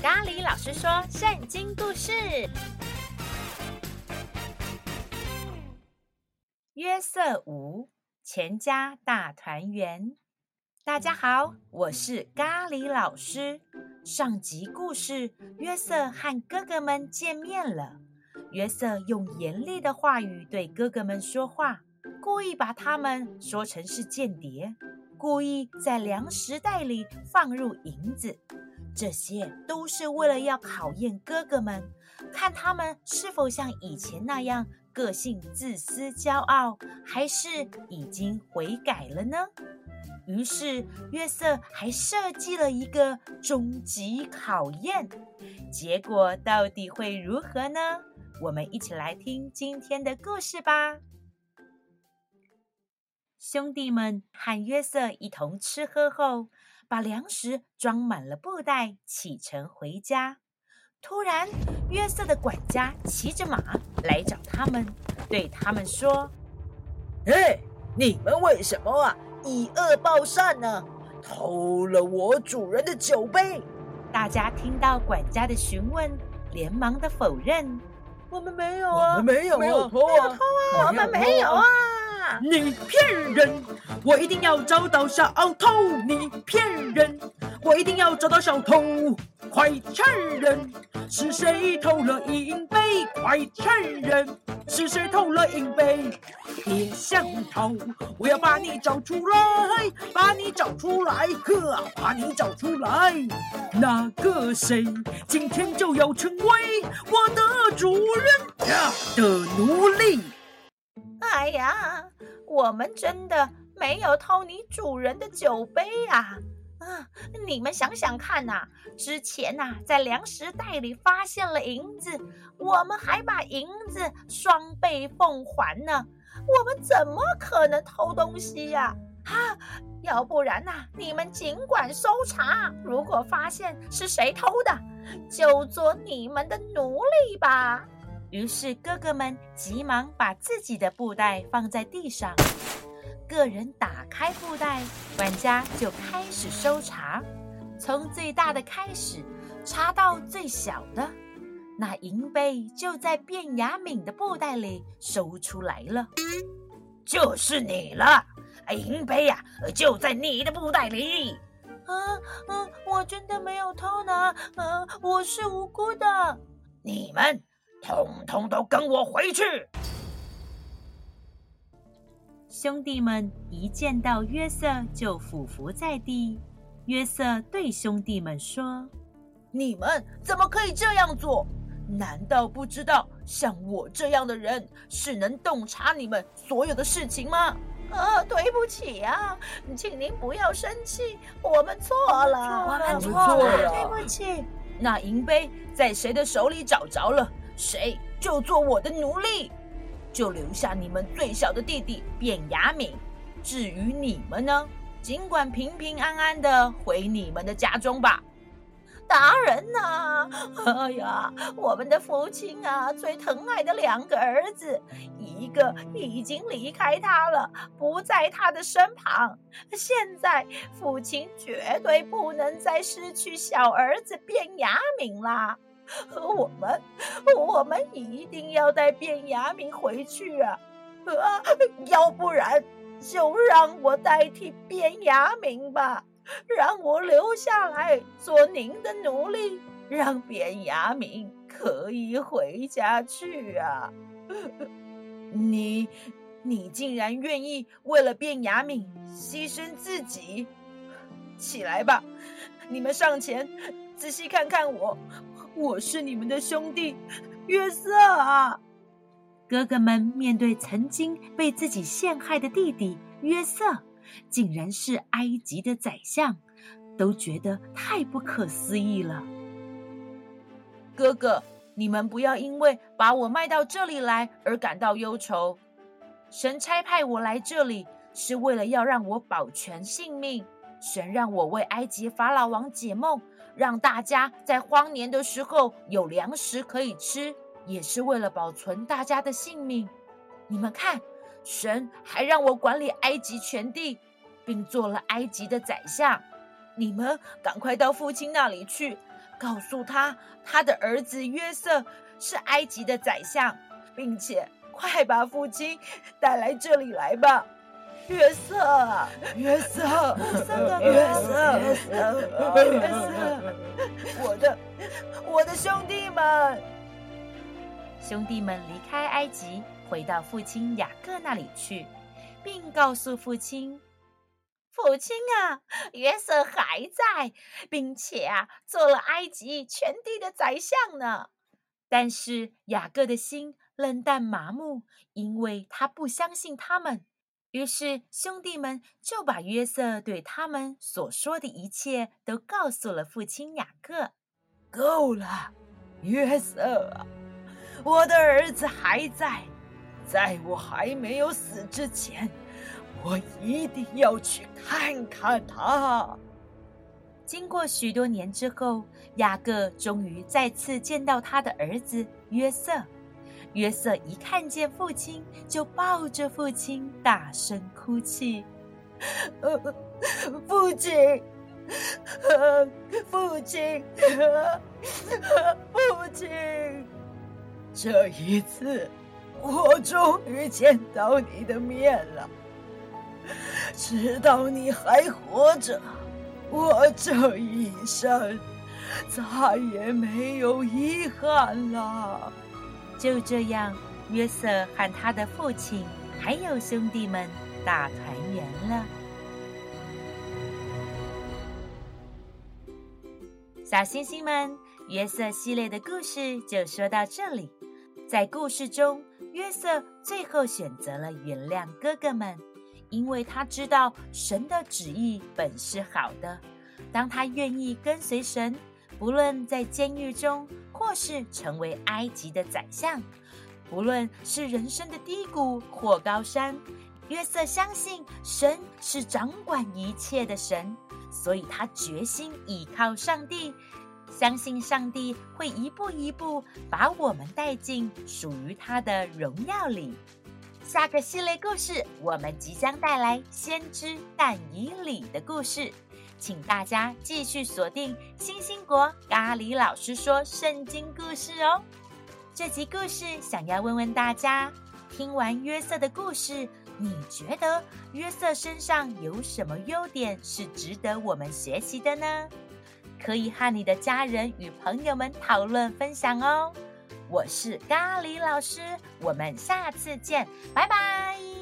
咖哩老師說：“聖經故事，約瑟五全家大團圓。”大家好，我是咖哩老師。上集故事，約瑟和哥哥們見面了。約瑟用嚴厲的話語對哥哥們說話，故意把他們說成是間諜，故意在糧食袋裡放入銀子。這些都是為了要考驗哥哥們，看他們是否像以前那樣個性自私、驕傲，還是已經悔改了呢？於是約瑟還設計了一個終極考驗，結果到底會如何呢？我們一起來聽今天的故事吧。兄弟們和約瑟一同吃喝後，把糧食裝滿了布袋，啟程回家。突然，約瑟的管家騎着馬來找他們，對他們說：“嘿，你們為什麼啊？以惡報善呢？啊？偷了我主人的酒杯！”大家聽到管家的詢問，連忙的否認：“我們沒有啊，我們沒有，沒有沒有偷啊，我們沒有啊。”你騙人！我一定要找到小偷！你騙人！我一定要找到小偷！快承認是誰偷了銀杯！快承認是誰偷了銀杯！別想逃！我要把你找出來，把你找出來，哥，把你找出來！那個誰今天就要成為我的主人的奴隸？哎呀！我們真的沒有偷你主人的酒杯啊！啊、嗯，你們想想看吶、啊，之前吶、啊、在糧食袋裡發現了銀子，我們還把銀子雙倍奉還呢，我們怎麼可能偷東西呀、啊？啊，要不然吶、啊，你們儘管搜查，如果發現是誰偷的，就做你們的奴隸吧。於是哥哥們急忙把自己的布袋放在地上，各人打開布袋，管家就開始搜查，從最大的開始，查到最小的，那銀杯就在便雅憫的布袋裡搜出來了，就是你了，銀杯呀、啊，就在你的布袋裡，啊，嗯、啊，我真的沒有偷拿，嗯、啊、我是無辜的，你們。通通都跟我回去！兄弟們一見到約瑟就俯伏在地。約瑟對兄弟們說：“你們怎麼可以這樣做？難道不知道像我這樣的人是能洞察你們所有的事情嗎？”啊、哦，對不起呀、啊，請您不要生氣，我們錯了，我們錯了，錯了對不起。那銀杯在誰的手裡找着了？誰就做我的奴隸，就留下你們最小的弟弟便雅憫。至於你們呢，儘管平平安安地回你們的家中吧。大人吶、啊，哎呀，我們的父親啊，最疼愛的兩個兒子，一個已經離開他了，不在他的身旁。現在父親絕對不能再失去小兒子便雅憫啦。和我們，我們一定要帶便雅憫回去啊！啊，要不然就讓我代替便雅憫吧，讓我留下來做您的奴隸，讓便雅憫可以回家去啊！你，你竟然願意為了便雅憫犧牲自己？起來吧，你們上前，仔細看看我。我是你們的兄弟，約瑟啊！哥哥們面對曾經被自己陷害的弟弟約瑟，竟然是埃及的宰相，都覺得太不可思議了。哥哥，你們不要因為把我賣到這裡來而感到憂愁。神差派我來這裡，是為了要讓我保全性命。神讓我為埃及法老王解夢，讓大家在荒年的時候有糧食可以吃，也是為了保存大家的性命。你們看，神還讓我管理埃及全地，並做了埃及的宰相。你們趕快到父親那裡去，告訴他他的兒子約瑟是埃及的宰相，並且快把父親帶來這裡來吧。約瑟，約瑟，約瑟，約瑟，約瑟，約瑟，約瑟，我的，我的兄弟們，兄弟們離開埃及，回到父親雅各那裡去，並告訴父親：“父親啊，約瑟還在，並且啊，做了埃及全地的宰相呢。”但是雅各的心冷淡麻木，因為他不相信他們。於是，兄弟們就把約瑟對他們所說的一切都告訴了父親雅各。夠了，約瑟，我的兒子還在，在我還沒有死之前，我一定要去看看他。經過許多年之後，雅各終於再次見到他的兒子約瑟。約瑟一看見父親，就抱着父親大聲哭泣：“父親，父親，父親！父親，這一次，我終於見到你的面了。知道你還活着，我這一生再也沒有遺憾了。”就這樣，約瑟和他的父親還有兄弟們大團圓了。小星星們，約瑟系列的故事就說到這裡。在故事中，約瑟最後選擇了原諒哥哥們，因為他知道神的旨意本是好的。當他願意跟隨神，不論在監獄中，或是成為埃及的宰相，不論是人生的低谷或高山，約瑟相信神是掌管一切的神，所以他決心倚靠上帝，相信上帝會一步一步把我們帶進屬於他的榮耀裡。下個系列故事，我們即將帶來先知但以理的故事。請大家繼續鎖定《星星國咖喱老師說聖經故事》哦。這集故事想要問問大家：聽完約瑟的故事，你覺得約瑟身上有什麼優點是值得我們學習的呢？可以和你的家人與朋友們討論分享哦。我是咖喱老師，我們下次見，拜拜。